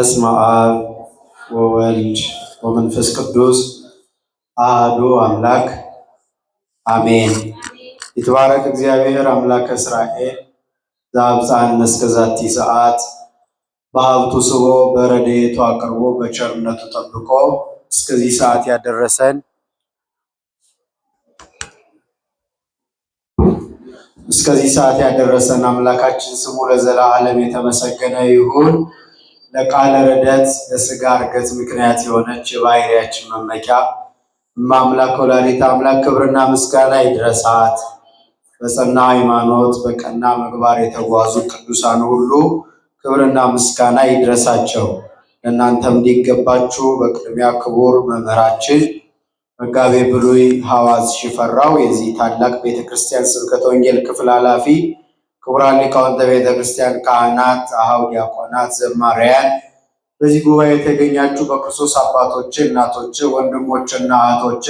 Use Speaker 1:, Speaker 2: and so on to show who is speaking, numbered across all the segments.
Speaker 1: በስመ አብ ወወልድ ወመንፈስ ቅዱስ አሐዱ አምላክ አሜን። ይትባረክ እግዚአብሔር አምላከ እስራኤል ዘአብጽሐነ እስከ ዛቲ ሰዓት በሀብቱ ስቦ በረድኤቱ አቅርቦ በቸርነቱ ጠብቆ እስከዚህ ሰዓት ያደረሰን እስከዚህ ሰዓት ያደረሰን አምላካችን ስሙ ለዘላለም የተመሰገነ ይሁን። ለቃለ ረዳት ለስጋ እርገት ምክንያት የሆነች የባህሪያችን መመኪያ እማምላክ ወላዲተ አምላክ ክብርና ምስጋና ይድረሳት። በጸና ሃይማኖት በቀና ምግባር የተጓዙ ቅዱሳን ሁሉ ክብርና ምስጋና ይድረሳቸው። ለእናንተም እንዲገባችሁ በቅድሚያ ክቡር መምህራችን መጋቤ ብሉይ ሐዋዝ ሽፈራው የዚህ ታላቅ ቤተክርስቲያን ስብከተ ወንጌል ክፍል ኃላፊ ክቡራን ሊቃውንተ ቤተ ክርስቲያን፣ ካህናት፣ አኀው ዲያቆናት፣ ዘማሪያን፣ በዚህ ጉባኤ የተገኛችሁ በክርስቶስ አባቶች፣ እናቶች፣ ወንድሞችና እህቶች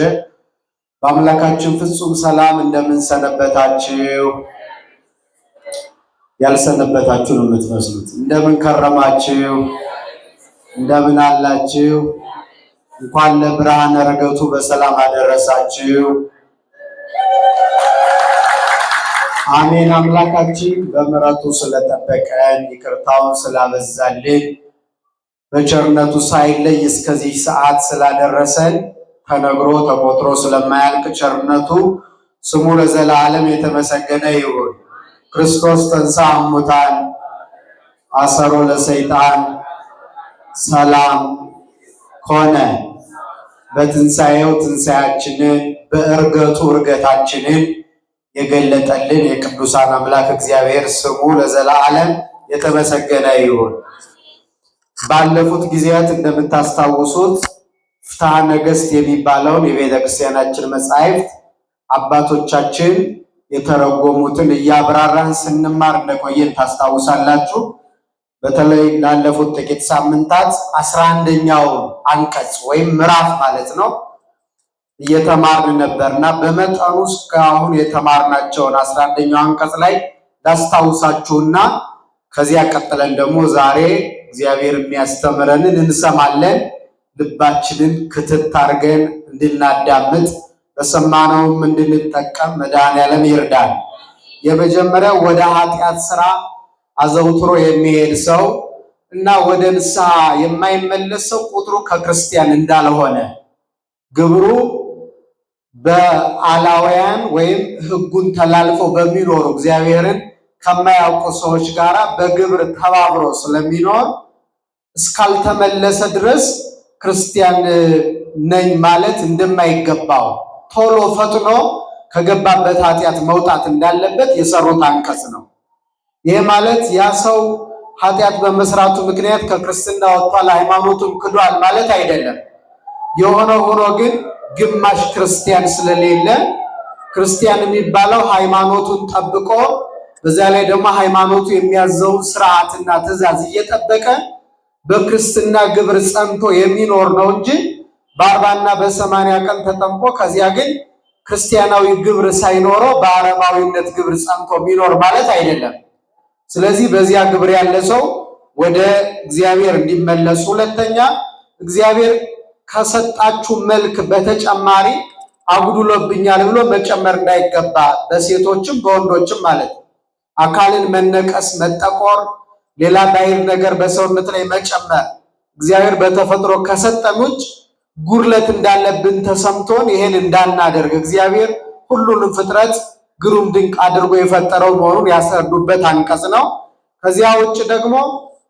Speaker 1: በአምላካችን ፍጹም ሰላም እንደምንሰነበታችሁ ያልሰነበታችሁ ነው የምትመስሉት። እንደምን ከረማችሁ? እንደምን አላችሁ? እንኳን ለብርሃነ ረገቱ በሰላም አደረሳችሁ። አሜን። አምላካችን በምሕረቱ ስለጠበቀን ይቅርታውን ስላበዛልን በቸርነቱ ሳይለይ እስከዚህ ሰዓት ስላደረሰን ተነግሮ ተቆጥሮ ስለማያልቅ ቸርነቱ ስሙ ለዘላለም የተመሰገነ ይሁን። ክርስቶስ ተንሥአ እሙታን አሰሮ ለሰይጣን ሰላም ኮነ። በትንሣኤው ትንሣያችንን በእርገቱ እርገታችንን የገለጠልን የቅዱሳን አምላክ እግዚአብሔር ስሙ ለዘላለም የተመሰገነ ይሁን። ባለፉት ጊዜያት እንደምታስታውሱት ፍትሐ ነገሥት የሚባለውን የቤተ ክርስቲያናችን መጻሕፍት አባቶቻችን የተረጎሙትን እያብራራን ስንማር እንደቆየን ታስታውሳላችሁ። በተለይ ላለፉት ጥቂት ሳምንታት አስራ አንደኛውን አንቀጽ ወይም ምዕራፍ ማለት ነው እየተማርን ነበርና እና በመጠኑ እስከ አሁን የተማርናቸውን አስራ አንደኛው አንቀጽ ላይ ላስታውሳችሁና ከዚያ ቀጥለን ደግሞ ዛሬ እግዚአብሔር የሚያስተምረንን እንሰማለን። ልባችንን ክትት አድርገን እንድናዳምጥ በሰማነውም እንድንጠቀም መድኃኔዓለም ይርዳል። የመጀመሪያው ወደ ኃጢአት ስራ አዘውትሮ የሚሄድ ሰው እና ወደ ንስሐ የማይመለስ ሰው ቁጥሩ ከክርስቲያን እንዳልሆነ ግብሩ በአላውያን ወይም ሕጉን ተላልፈው በሚኖሩ እግዚአብሔርን ከማያውቁ ሰዎች ጋር በግብር ተባብሮ ስለሚኖር እስካልተመለሰ ድረስ ክርስቲያን ነኝ ማለት እንደማይገባው ቶሎ ፈጥኖ ከገባበት ኃጢአት መውጣት እንዳለበት የሰሩት አንቀጽ ነው። ይህ ማለት ያ ሰው ኃጢአት በመስራቱ ምክንያት ከክርስትና ወጥቷል፣ ሃይማኖቱን ክዷል ማለት አይደለም። የሆነ ሆኖ ግን ግማሽ ክርስቲያን ስለሌለ ክርስቲያን የሚባለው ሃይማኖቱን ጠብቆ በዛ ላይ ደግሞ ሃይማኖቱ የሚያዘውን ስርዓትና ትእዛዝ እየጠበቀ በክርስትና ግብር ጸንቶ የሚኖር ነው እንጂ በአርባና በሰማንያ ቀን ተጠምቆ ከዚያ ግን ክርስቲያናዊ ግብር ሳይኖረው በአረማዊነት ግብር ጸንቶ የሚኖር ማለት አይደለም። ስለዚህ በዚያ ግብር ያለ ሰው ወደ እግዚአብሔር እንዲመለስ፣ ሁለተኛ እግዚአብሔር ከሰጣችሁ መልክ በተጨማሪ አጉድሎብኛል ብሎ መጨመር እንዳይገባ በሴቶችም በወንዶችም ማለት ነው። አካልን መነቀስ፣ መጠቆር፣ ሌላ ባይር ነገር በሰውነት ላይ መጨመር እግዚአብሔር በተፈጥሮ ከሰጠን ውጭ ጉድለት እንዳለብን ተሰምቶን ይሄን እንዳናደርግ እግዚአብሔር ሁሉንም ፍጥረት ግሩም ድንቅ አድርጎ የፈጠረው መሆኑን ያስረዱበት አንቀጽ ነው። ከዚያ ውጭ ደግሞ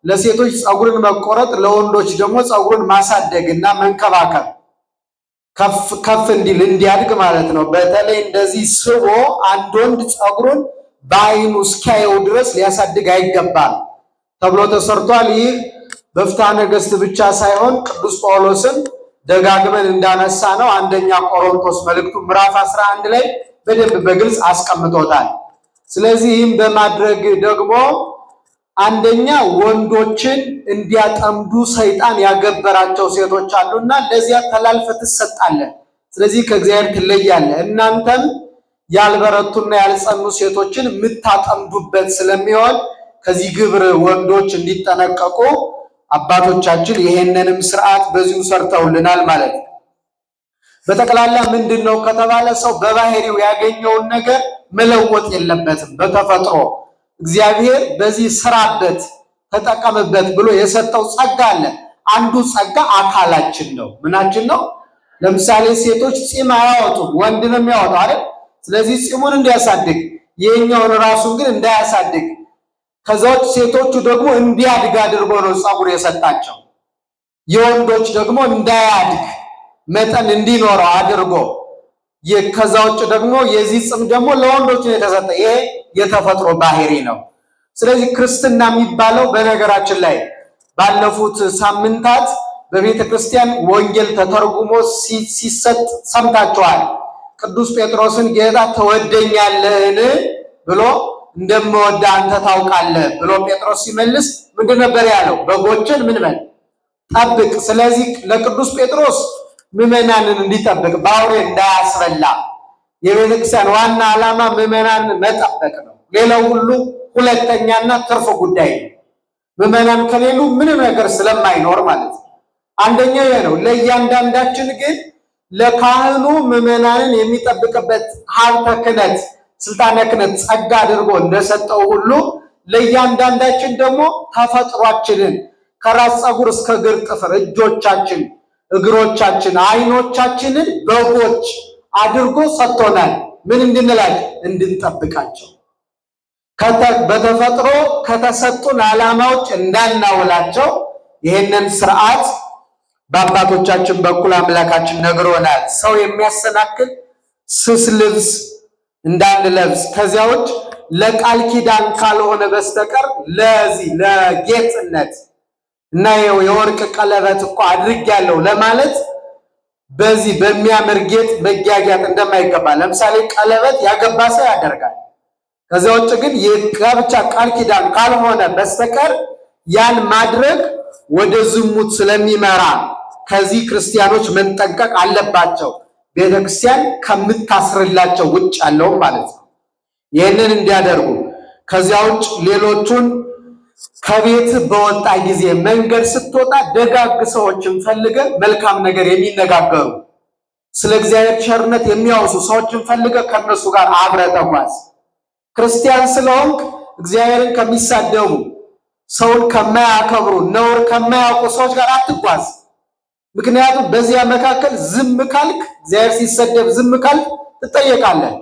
Speaker 1: ለሴቶች ፀጉርን መቆረጥ፣ ለወንዶች ደግሞ ፀጉርን ማሳደግ እና መንከባከብ ከፍ ከፍ እንዲል እንዲያድግ ማለት ነው። በተለይ እንደዚህ ስቦ አንድ ወንድ ፀጉሩን በአይኑ እስኪያየው ድረስ ሊያሳድግ አይገባል ተብሎ ተሰርቷል። ይህ በፍትሐ ነገሥት ብቻ ሳይሆን ቅዱስ ጳውሎስን ደጋግመን እንዳነሳ ነው አንደኛ ቆሮንቶስ መልእክቱ ምዕራፍ 11 ላይ በደንብ በግልጽ አስቀምጦታል። ስለዚህ ይህም በማድረግ ደግሞ አንደኛ ወንዶችን እንዲያጠምዱ ሰይጣን ያገበራቸው ሴቶች አሉና ለዚያ ተላልፈ ትሰጣለህ። ስለዚህ ከእግዚአብሔር ትለያለህ። እናንተም ያልበረቱና ያልጸኑ ሴቶችን የምታጠምዱበት ስለሚሆን ከዚህ ግብር ወንዶች እንዲጠነቀቁ አባቶቻችን ይሄንንም ስርዓት በዚሁ ሰርተውልናል ማለት ነው። በጠቅላላ ምንድን ነው ከተባለ ሰው በባህሪው ያገኘውን ነገር መለወጥ የለበትም በተፈጥሮ እግዚአብሔር በዚህ ስራበት ተጠቀምበት ብሎ የሰጠው ጸጋ አለ። አንዱ ጸጋ አካላችን ነው። ምናችን ነው? ለምሳሌ ሴቶች ፂም አያወጡም፣ ወንድ ነው የሚያወጣው አይደል? ስለዚህ ፂሙን እንዲያሳድግ የኛውን ራሱን ግን እንዳያሳድግ ከዛዎች ሴቶቹ ደግሞ እንዲያድግ አድርጎ ነው ጸጉር የሰጣቸው። የወንዶች ደግሞ እንዳያድግ መጠን እንዲኖረው አድርጎ ከዛ ውጭ ደግሞ የዚህ ጽም ደግሞ ለወንዶች ነው የተሰጠ። ይሄ የተፈጥሮ ባህሪ ነው። ስለዚህ ክርስትና የሚባለው በነገራችን ላይ ባለፉት ሳምንታት በቤተ ክርስቲያን ወንጌል ተተርጉሞ ሲሰጥ ሰምታችኋል። ቅዱስ ጴጥሮስን ጌታ ተወደኛለህን ብሎ እንደምወደ አንተ ታውቃለህ ብሎ ጴጥሮስ ሲመልስ ምንድን ነበር ያለው? በጎችን ምን በል ጠብቅ። ስለዚህ ለቅዱስ ጴጥሮስ ምዕመናንን እንዲጠብቅ በአውሬ እንዳያስበላ የቤተክርስቲያን ዋና ዓላማ ምዕመናንን መጠበቅ ነው። ሌላው ሁሉ ሁለተኛና ትርፍ ጉዳይ ነው። ምዕመናን ከሌሉ ምንም ነገር ስለማይኖር ማለት ነው። አንደኛው ይሄ ነው። ለእያንዳንዳችን ግን ለካህኑ ምዕመናንን የሚጠብቅበት ሀብተ ክህነት፣ ስልጣነ ክህነት ጸጋ አድርጎ እንደሰጠው ሁሉ ለእያንዳንዳችን ደግሞ ተፈጥሯችንን ከራስ ፀጉር እስከ እግር ጥፍር እጆቻችን እግሮቻችን፣ አይኖቻችንን በጎች አድርጎ ሰጥቶናል። ምን እንድንላል? እንድንጠብቃቸው በተፈጥሮ ከተሰጡን ዓላማዎች እንዳናውላቸው ይህንን ስርዓት በአባቶቻችን በኩል አምላካችን ነግሮናል። ሰው የሚያሰናክል ስስ ልብስ እንዳንለብስ ከዚያ ውጭ ለቃል ኪዳን ካልሆነ በስተቀር ለዚህ ለጌጥነት እና የወርቅ ቀለበት እኮ አድርጌያለሁ ለማለት በዚህ በሚያምር ጌጥ መጊያጊያት እንደማይገባ ለምሳሌ ቀለበት ያገባ ሰው ያደርጋል። ከዚያ ውጭ ግን የጋብቻ ቃል ኪዳን ካልሆነ በስተቀር ያን ማድረግ ወደ ዝሙት ስለሚመራ ከዚህ ክርስቲያኖች መንጠንቀቅ አለባቸው። ቤተክርስቲያን ከምታስርላቸው ውጭ ያለውም ማለት ነው። ይህንን እንዲያደርጉ ከዚያ ውጭ ሌሎቹን ከቤት በወጣ ጊዜ መንገድ ስትወጣ ደጋግ ሰዎችን ፈልገ መልካም ነገር የሚነጋገሩ ስለ እግዚአብሔር ቸርነት የሚያወሱ ሰዎችን ፈልገ ከእነሱ ጋር አብረ ተጓዝ። ክርስቲያን ስለሆንክ እግዚአብሔርን ከሚሳደቡ ሰውን ከማያከብሩ ነውር ከማያውቁ ሰዎች ጋር አትጓዝ። ምክንያቱም በዚያ መካከል ዝም ካልክ እግዚአብሔር ሲሰደብ ዝም ካልክ ትጠየቃለህ።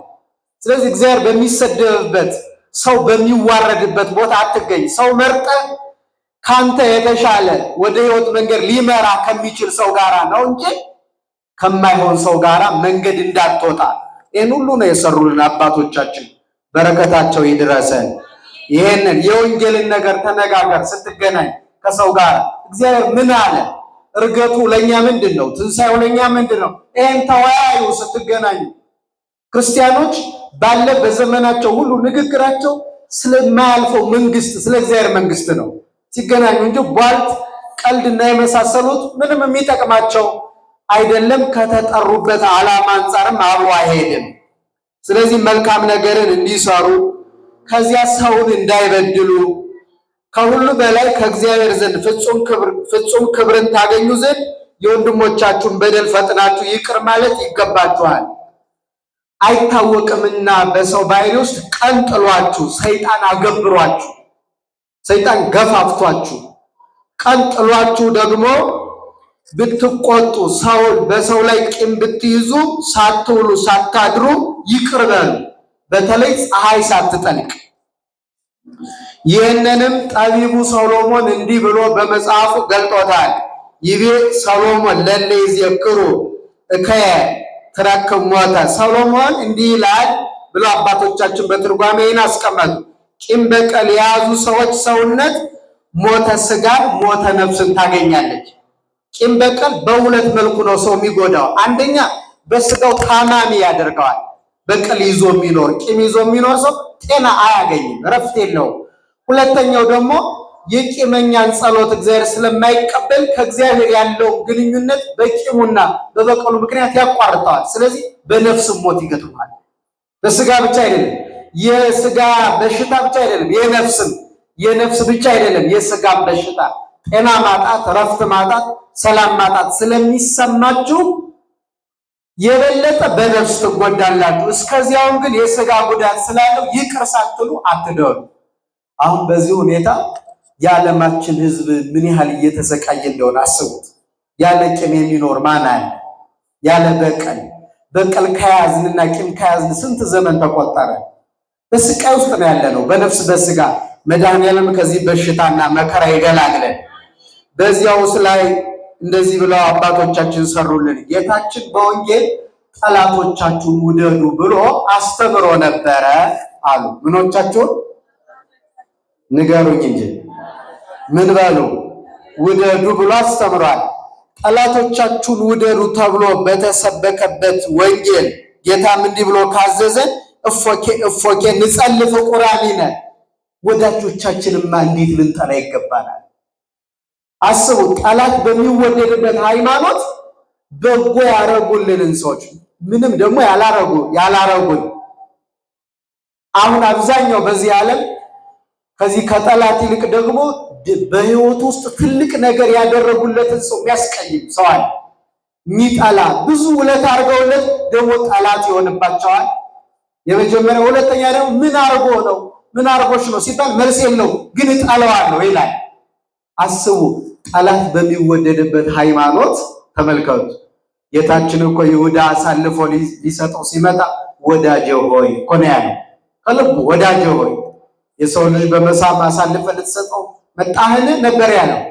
Speaker 1: ስለዚህ እግዚአብሔር በሚሰደብበት ሰው በሚዋረድበት ቦታ አትገኝ። ሰው መርጠ ካንተ የተሻለ ወደ ህይወት መንገድ ሊመራ ከሚችል ሰው ጋራ ነው እንጂ ከማይሆን ሰው ጋራ መንገድ እንዳትወጣ። ይህን ሁሉ ነው የሰሩልን አባቶቻችን፣ በረከታቸው ይድረሰን። ይህንን የወንጌልን ነገር ተነጋገር። ስትገናኝ ከሰው ጋር እግዚአብሔር ምን አለ? እርገቱ ለእኛ ምንድን ነው? ትንሣኤው ለእኛ ምንድን ነው? ይህን ተወያዩ ስትገናኙ ክርስቲያኖች ባለ በዘመናቸው ሁሉ ንግግራቸው ስለማያልፈው መንግስት ስለ እግዚአብሔር መንግስት ነው ሲገናኙ እንጂ ቧልት፣ ቀልድና የመሳሰሉት ምንም የሚጠቅማቸው አይደለም። ከተጠሩበት ዓላማ አንጻርም አብሮ አይሄድም። ስለዚህ መልካም ነገርን እንዲሰሩ ከዚያ ሰውን እንዳይበድሉ ከሁሉ በላይ ከእግዚአብሔር ዘንድ ፍጹም ክብርን ታገኙ ዘንድ የወንድሞቻችሁን በደል ፈጥናችሁ ይቅር ማለት ይገባችኋል። አይታወቅምና በሰው ባህሪ ውስጥ ቀን ጥሏችሁ፣ ሰይጣን አገብሯችሁ፣ ሰይጣን ገፋፍቷችሁ፣ ቀን ጥሏችሁ ደግሞ ብትቆጡ፣ ሰውን በሰው ላይ ቂም ብትይዙ፣ ሳትውሉ ሳታድሩ ይቅር በሉ፣ በተለይ ፀሐይ ሳትጠልቅ። ይህንንም ጠቢቡ ሰሎሞን እንዲህ ብሎ በመጽሐፉ ገልጦታል። ይቤ ሰሎሞን ለነ ይዜክሩ እከየ ሞተ ሰሎሞን እንዲህ ይላል ብሎ አባቶቻችን በትርጓሜ ይህን አስቀመጡ። ቂም በቀል የያዙ ሰዎች ሰውነት ሞተ ስጋን ሞተ ነፍስን ታገኛለች። ቂም በቀል በሁለት መልኩ ነው ሰው የሚጎዳው። አንደኛ በስጋው ታማሚ ያደርገዋል። በቀል ይዞ የሚኖር ቂም ይዞ የሚኖር ሰው ጤና አያገኝም፣ እረፍት የለውም። ሁለተኛው ደግሞ የቂመኛን ጸሎት እግዚአብሔር ስለማይቀበል ከእግዚአብሔር ያለው ግንኙነት በቂሙና በበቀሉ ምክንያት ያቋርጠዋል። ስለዚህ በነፍስ ሞት ይገጥመዋል። በስጋ ብቻ አይደለም፣ የስጋ በሽታ ብቻ አይደለም፣ የነፍስም የነፍስ ብቻ አይደለም፣ የስጋም በሽታ ጤና ማጣት፣ ረፍት ማጣት፣ ሰላም ማጣት ስለሚሰማችሁ የበለጠ በነፍስ ትጎዳላችሁ። እስከዚያውም ግን የስጋ ጉዳት ስላለው ይቅር ሳትሉ አትደሉ። አሁን በዚህ ሁኔታ የዓለማችን ህዝብ ምን ያህል እየተሰቃየ እንደሆነ አስቡት። ያለ ቂም የሚኖር ማን አለ? ያለ በቀል በቀል ከያዝንና ቂም ከያዝን ስንት ዘመን ተቆጠረ። በስቃይ ውስጥ ነው ያለ ነው በነፍስ በስጋ መድኃኔዓለም ከዚህ በሽታና መከራ ይገላግለን። በዚያ ውስጥ ላይ እንደዚህ ብለው አባቶቻችን ሰሩልን። ጌታችን በወንጌል ጠላቶቻችሁን ውደዱ ብሎ አስተምሮ ነበረ አሉ። ምኖቻችሁን ንገሩኝ እንጂ ምን በሉ ውደዱ ብሎ አስተምሯል። ጠላቶቻችሁን ውደዱ ተብሎ በተሰበከበት ወንጌል ጌታም እንዲህ ብሎ ካዘዘን እፎኬ እፎኬ ንጸልፍ ቁራኒነ ወዳጆቻችንማ እንዴት ልንጠላ ይገባናል። አስቡ፣ ጠላት በሚወደድበት ሃይማኖት በጎ ያረጉልንን ሰዎች ምንም ደግሞ ያላረጉ ያላረጉን አሁን አብዛኛው በዚህ ዓለም ከዚህ ከጠላት ይልቅ ደግሞ በህይወቱ ውስጥ ትልቅ ነገር ያደረጉለትን ሰው የሚያስቀይም ሰው አለ። ብዙ ውለት አድርገውለት ደግሞ ጠላት ይሆንባቸዋል። የመጀመሪያ ሁለተኛ ደግሞ ምን አርጎ ነው ምን አርጎች ነው ሲባል መልስ የለው ግን እጠላዋለሁ ይላል። አስቡ ጠላት በሚወደድበት ሃይማኖት ተመልከቱ። ጌታችን እኮ ይሁዳ አሳልፎ ሊሰጠው ሲመጣ ወዳጀ ሆይ እኮ ነው ያለው፣ ከልቡ ወዳጀ ሆይ የሰው ልጅ በመሳም አሳልፈ ልትሰጠው መጣህን ነበር ያለው።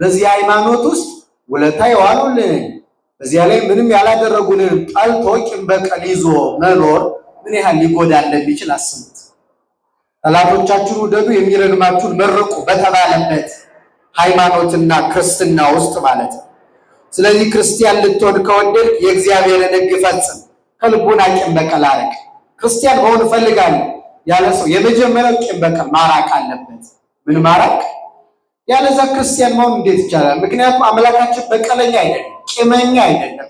Speaker 1: በዚህ ሃይማኖት ውስጥ ውለታ የዋሉልን በዚያ ላይ ምንም ያላደረጉልን ጠልቶ ቂም በቀል ይዞ መኖር ምን ያህል ሊጎዳ እንደሚችል አስቡት። ጠላቶቻችሁን ውደዱ የሚረግማችሁን መርቁ በተባለበት ሃይማኖትና ክርስትና ውስጥ ማለት ነው። ስለዚህ ክርስቲያን ልትሆን ከወደድ የእግዚአብሔርን ሕግ ፈጽም፣ ከልቡና ቂም በቀል አርቅ። ክርስቲያን መሆን እፈልጋለሁ ያለ ሰው የመጀመሪያው ቂም በቀል ማራቅ አለበት። ምን ማራቅ? ያለዛ ክርስቲያን መሆን እንዴት ይቻላል? ምክንያቱም አምላካችን በቀለኛ አይደለም፣ ቂመኛ አይደለም።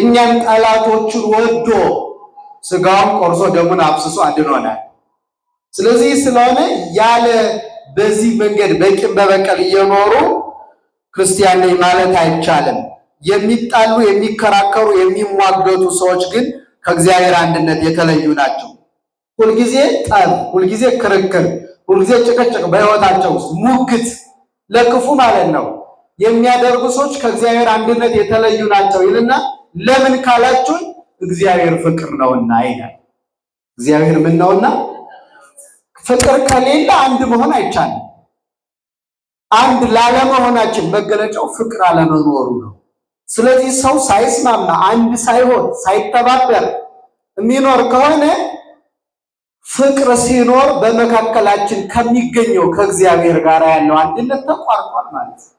Speaker 1: እኛን ጠላቶቹን ወዶ ስጋውን ቆርሶ ደሙን አብስሶ አድኖናል። ስለዚህ ስለሆነ ያለ በዚህ መንገድ በቂም በበቀል እየኖሩ ክርስቲያን ነኝ ማለት አይቻልም። የሚጣሉ የሚከራከሩ፣ የሚሟገቱ ሰዎች ግን ከእግዚአብሔር አንድነት የተለዩ ናቸው። ሁልጊዜ ጠብ፣ ሁልጊዜ ክርክር፣ ሁልጊዜ ጭቅጭቅ በህይወታቸው ውስጥ ሙግት ለክፉ ማለት ነው የሚያደርጉ ሰዎች ከእግዚአብሔር አንድነት የተለዩ ናቸው ይልና ለምን ካላችሁ እግዚአብሔር ፍቅር ነውና ይላል። እግዚአብሔር ምን ነውና? ፍቅር ከሌለ አንድ መሆን አይቻልም። አንድ ላለመሆናችን መገለጫው ፍቅር አለመኖሩ ነው። ስለዚህ ሰው ሳይስማማ አንድ ሳይሆን ሳይተባበር የሚኖር ከሆነ ፍቅር ሲኖር በመካከላችን ከሚገኘው ከእግዚአብሔር ጋር ያለው አንድነት ተቋርጧል ማለት ነው።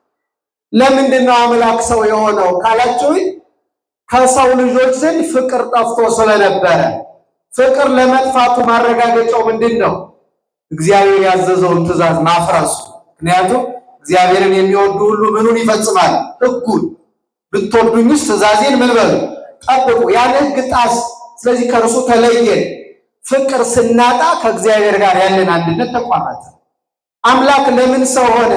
Speaker 1: ለምንድን ነው አምላክ ሰው የሆነው ካላችሁ ከሰው ልጆች ዘንድ ፍቅር ጠፍቶ ስለነበረ። ፍቅር ለመጥፋቱ ማረጋገጫው ምንድን ነው? እግዚአብሔር ያዘዘውን ትእዛዝ ማፍረሱ። ምክንያቱም እግዚአብሔርን የሚወዱ ሁሉ ምኑን ይፈጽማል? ሕጉን። ብትወዱኝስ ትእዛዜን ምን በሉ? ጠብቁ። ያን ሕግ ጣስ። ስለዚህ ከእርሱ ተለየን። ፍቅር ስናጣ ከእግዚአብሔር ጋር ያለን አንድነት ተቋረጠ። አምላክ ለምን ሰው ሆነ?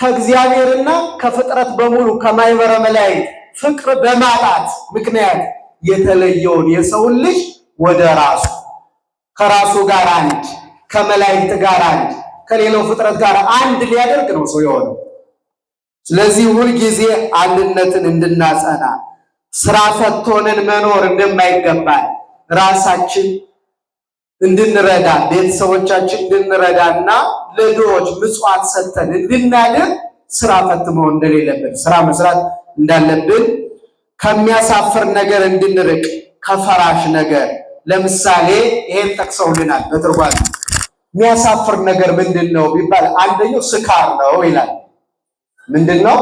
Speaker 1: ከእግዚአብሔርና ከፍጥረት በሙሉ ከማይበረ መላእክት ፍቅር በማጣት ምክንያት የተለየውን የሰውን ልጅ ወደ ራሱ ከራሱ ጋር አንድ ከመላእክት ጋር አንድ ከሌላው ፍጥረት ጋር አንድ ሊያደርግ ነው ሰው የሆነው። ስለዚህ ሁልጊዜ አንድነትን እንድናጸና ስራ ፈት ሆነን መኖር እንደማይገባን ራሳችን እንድንረዳ ቤተሰቦቻችን እንድንረዳና ለድሆች ምጽዋት ሰጥተን እንድናድር ስራ ፈትመው እንደሌለብን ስራ መስራት እንዳለብን ከሚያሳፍር ነገር እንድንርቅ ከፈራሽ ነገር ለምሳሌ ይሄን ጠቅሰውልናል በትርጓሚ የሚያሳፍር ነገር ምንድን ነው ቢባል አንደኛው ስካር ነው ይላል ምንድን ነው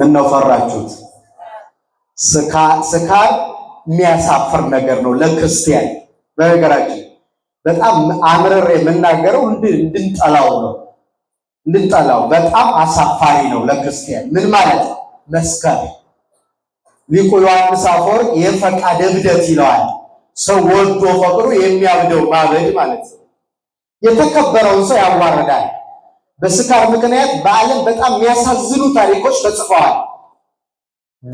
Speaker 1: ምን ነው ፈራችሁት ስካር የሚያሳፍር ነገር ነው ለክርስቲያን በነገራችን በጣም አምረር የምናገረው እንድንጠላው ነው። እንድንጠላው በጣም አሳፋሪ ነው ለክርስቲያን። ምን ማለት መስከር ሊቁ ዮሐንስ አፈወርቅ የፈቃደ እብደት ይለዋል። ሰው ወዶ ፈቅዶ የሚያብደው ማበድ ማለት ነው። የተከበረውን ሰው ያዋርዳል። በስካር ምክንያት በዓለም በጣም የሚያሳዝኑ ታሪኮች ተጽፈዋል።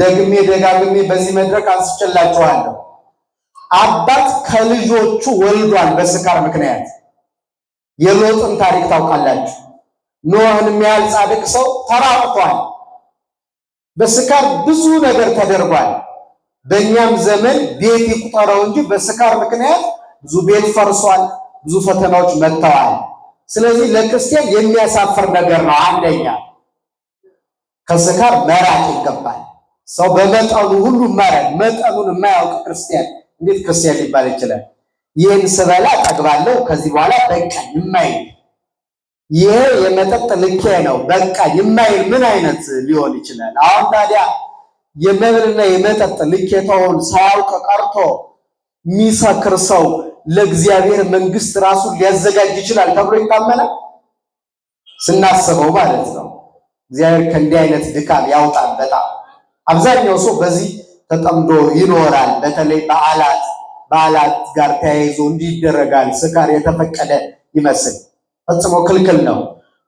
Speaker 1: ደግሜ ደጋግሜ በዚህ መድረክ አንስቼላችኋለሁ። አባት ከልጆቹ ወልዷል በስካር ምክንያት። የሎጥን ታሪክ ታውቃላችሁ። ኖህን የሚያህል ጻድቅ ሰው ተራቅቷል። በስካር ብዙ ነገር ተደርጓል። በእኛም ዘመን ቤት ይቁጠረው እንጂ በስካር ምክንያት ብዙ ቤት ፈርሷል፣ ብዙ ፈተናዎች መጥተዋል። ስለዚህ ለክርስቲያን የሚያሳፍር ነገር ነው። አንደኛ ከስካር መራቅ ይገባል። ሰው በመጠኑ ሁሉ መረ መጠኑን የማያውቅ ክርስቲያን እንዴት ክርስቲያን ሊባል ይችላል? ይህን ስበላ ጠግባለሁ፣ ከዚህ በኋላ በቃ የማይል ይሄ የመጠጥ ልኬ ነው በቃ የማይል ምን አይነት ሊሆን ይችላል? አሁን ታዲያ የመብልና የመጠጥ ልኬታውን ሳያውቅ ቀርቶ የሚሰክር ሰው ለእግዚአብሔር መንግስት ራሱን ሊያዘጋጅ ይችላል ተብሎ ይታመናል። ስናስበው ማለት ነው። እግዚአብሔር ከእንዲህ አይነት ድካም ያውጣል። በጣም አብዛኛው ሰው በዚህ ተጠምዶ ይኖራል። በተለይ በዓላት በዓላት ጋር ተያይዞ እንዲህ ይደረጋል። ስካር የተፈቀደ ይመስል ፈጽሞ ክልክል ነው።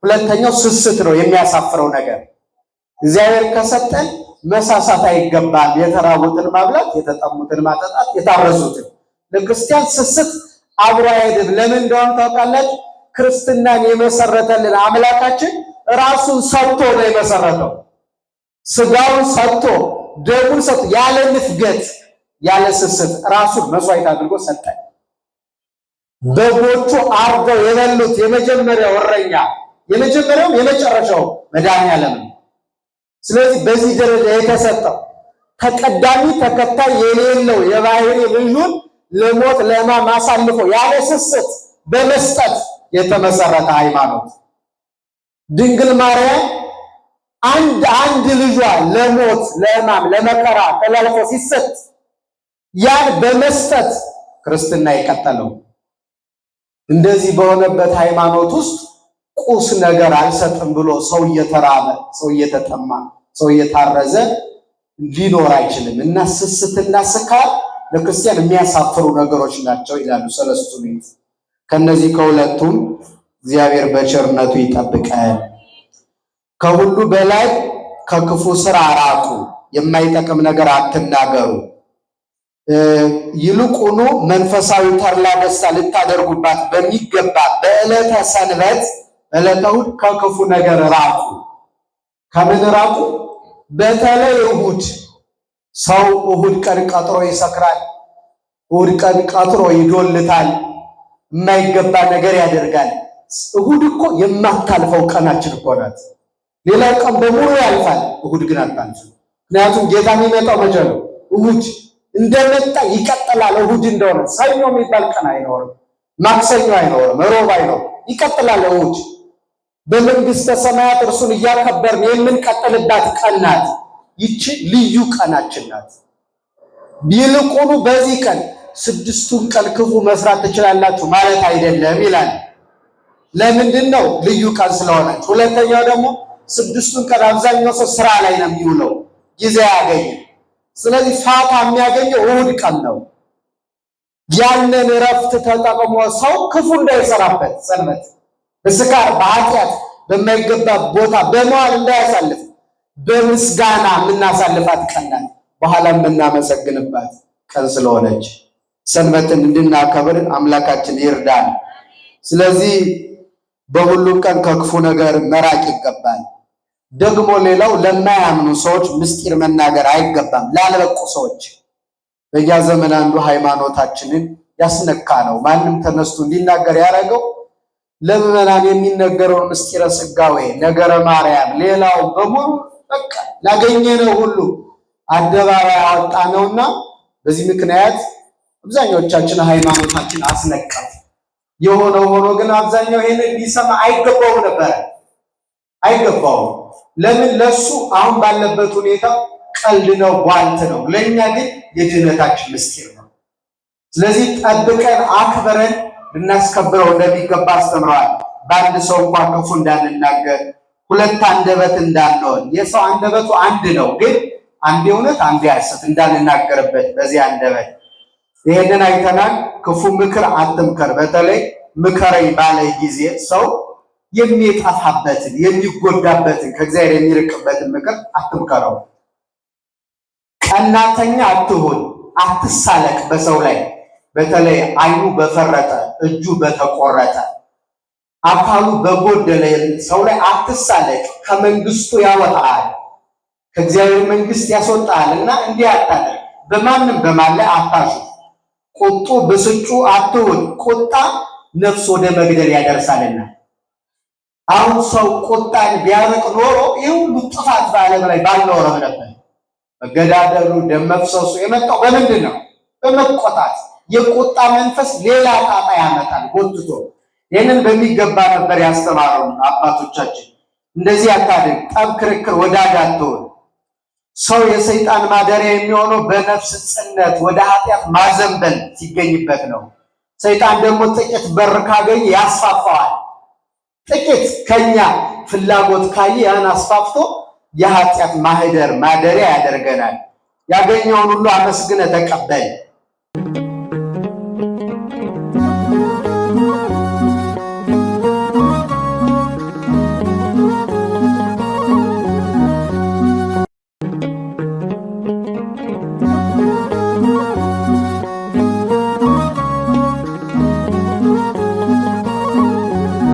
Speaker 1: ሁለተኛው ስስት ነው። የሚያሳፍረው ነገር እግዚአብሔር ከሰጠን መሳሳት አይገባም። የተራቡትን ማብላት፣ የተጠሙትን ማጠጣት፣ የታረዙትን ለክርስቲያን ስስት አብሮ አይሄድም። ለምን እንደሆነ ታውቃላችሁ? ክርስትናን የመሰረተልን አምላካችን ራሱን ሰጥቶ ነው የመሰረተው። ስጋውን ሰጥቶ ደሙን ሰጡ ያለ ንፍገት ያለ ስስት ራሱን መስዋዕት አድርጎ ሰጠ። በጎቹ አርደው የበሉት የመጀመሪያው እረኛ የመጀመሪያውም የመጨረሻው መድኃኒዓለም ነው። ስለዚህ በዚህ ደረጃ የተሰጠው ተቀዳሚ ተከታይ የሌለው የባህሪ ልጁን ለሞት ለሕማም አሳልፎ ያለ ስስት በመስጠት የተመሰረተ ሃይማኖት ድንግል ማርያም አንድ አንድ ልጇ ለሞት ለሕማም ለመከራ ተላልፎ ሲሰጥ ያን በመስጠት ክርስትና የቀጠለው። እንደዚህ በሆነበት ሃይማኖት ውስጥ ቁስ ነገር አልሰጥም ብሎ ሰው እየተራበ ሰው እየተጠማ ሰው እየታረዘ ሊኖር አይችልም። እና ስስትና ስካር ለክርስቲያን የሚያሳፍሩ ነገሮች ናቸው ይላሉ ሰለስቱ ምዕት። ከነዚህ ከሁለቱም እግዚአብሔር በቸርነቱ ይጠብቀን። ከሁሉ በላይ ከክፉ ስራ ራቁ፣ የማይጠቅም ነገር አትናገሩ። ይልቁኑ መንፈሳዊ ተርላ ደስታ ልታደርጉባት በሚገባ በዕለተ ሰንበት ዕለተ እሑድ ከክፉ ነገር ራቁ። ከምን ራቁ? በተለይ እሑድ ሰው እሑድ ቀን ቀጥሮ ይሰክራል። እሑድ ቀን ቀጥሮ ይዶልታል፣ የማይገባ ነገር ያደርጋል። እሑድ እኮ የማታልፈው ቀናችን እኮ ናት። ሌላው ቀን በሙሉ ያልፋል፣ እሁድ ግን አታንሱ። ምክንያቱም ጌታ የሚመጣው መቼ ነው? እሁድ እንደመጣ ይቀጥላል። እሁድ እንደሆነ ሰኞ የሚባል ቀን አይኖርም፣ ማክሰኞ አይኖርም፣ ሮብ አይኖርም፣ ይቀጥላል። እሁድ በመንግስተ ሰማያት እርሱን እያከበርን የምንቀጥልባት ቀን ናት። ይቺ ልዩ ቀናችን ናት። ይልቁኑ በዚህ ቀን ስድስቱን ቀን ክፉ መስራት ትችላላችሁ ማለት አይደለም ይላል። ለምንድን ነው? ልዩ ቀን ስለሆነች። ሁለተኛው ደግሞ ስድስቱን ቀን አብዛኛው ሰው ስራ ላይ ነው የሚውለው፣ ጊዜ ያገኘ ስለዚህ ፋታ የሚያገኘው እሑድ ቀን ነው። ያንን እረፍት ተጠቅሞ ሰው ክፉ እንዳይሰራበት ሰንበት በስካር በኃጢአት በማይገባ ቦታ በመዋል እንዳያሳልፍ በምስጋና የምናሳልፋት ቀን በኋላ የምናመሰግንባት ቀን ስለሆነች ሰንበትን እንድናከብር አምላካችን ይርዳል። ስለዚህ በሁሉም ቀን ከክፉ ነገር መራቅ ይገባል። ደግሞ ሌላው ለማያምኑ ሰዎች ምስጢር መናገር አይገባም። ላለበቁ ሰዎች በያ ዘመን አንዱ ሃይማኖታችንን ያስነካ ነው። ማንም ተነስቶ እንዲናገር ያደረገው ለምዕመናን የሚነገረውን ምስጢረ ስጋዌ፣ ነገረ ማርያም፣ ሌላው በሙሉ በቃ ላገኘነው ሁሉ አደባባይ አወጣ ነውና በዚህ ምክንያት አብዛኛዎቻችን ሃይማኖታችን አስነቀፍ። የሆነው ሆኖ ግን አብዛኛው ይሄን ሊሰማ አይገባውም ነበረ አይገባውም። ለምን ለሱ አሁን ባለበት ሁኔታ ቀልድ ነው፣ ቧልት ነው። ለእኛ ግን የድህነታችን ምስጢር ነው። ስለዚህ ጠብቀን አክብረን ልናስከብረው እንደሚገባ አስተምረዋል። በአንድ ሰው እንኳን ክፉ እንዳንናገር፣ ሁለት አንደበት እንዳንሆን። የሰው አንደበቱ አንድ ነው፣ ግን አንዴ እውነት አንዴ ሐሰት እንዳንናገርበት በዚህ አንደበት። ይህንን አይተናል። ክፉ ምክር አትምከር። በተለይ ምከረኝ ባለ ጊዜ ሰው የሚጠፋበትን የሚጎዳበትን ከእግዚአብሔር የሚርቅበትን ምክር አትምከረው። ቀናተኛ አትሁን፣ አትሳለቅ በሰው ላይ በተለይ አይኑ በፈረጠ እጁ በተቆረጠ አካሉ በጎደለ ሰው ላይ አትሳለቅ። ከመንግስቱ ያወጣል፣ ከእግዚአብሔር መንግስት ያስወጣል እና እንዲህ አታደርግ። በማንም በማን ላይ አታሹ። ቁጡ ብስጩ አትሁን፣ ቁጣ ነፍስ ወደ መግደል ያደርሳልና አሁን ሰው ቁጣን ቢያርቅ ኖሮ ይህ ሁሉ ጥፋት በዓለም ላይ ባልኖረም ነበር። መገዳደሉ ደም መፍሰሱ የመጣው በምንድን ነው? በመቆጣት። የቁጣ መንፈስ ሌላ ጣጣ ያመጣል ጎትቶ። ይህንን በሚገባ ነበር ያስተማሩን አባቶቻችን። እንደዚህ አታድርግ፣ ጠብ፣ ክርክር ወዳጅ አትሆን። ሰው የሰይጣን ማደሪያ የሚሆነው በነፍስ ጽነት ወደ ኃጢአት ማዘንበል ሲገኝበት ነው። ሰይጣን ደግሞ ጥቂት በር ካገኝ ያስፋፋዋል። ጥቂት ከኛ ፍላጎት ካየ ያን አስፋፍቶ የኃጢአት ማህደር ማደሪያ ያደርገናል። ያገኘውን ሁሉ አመስግነ ተቀበል።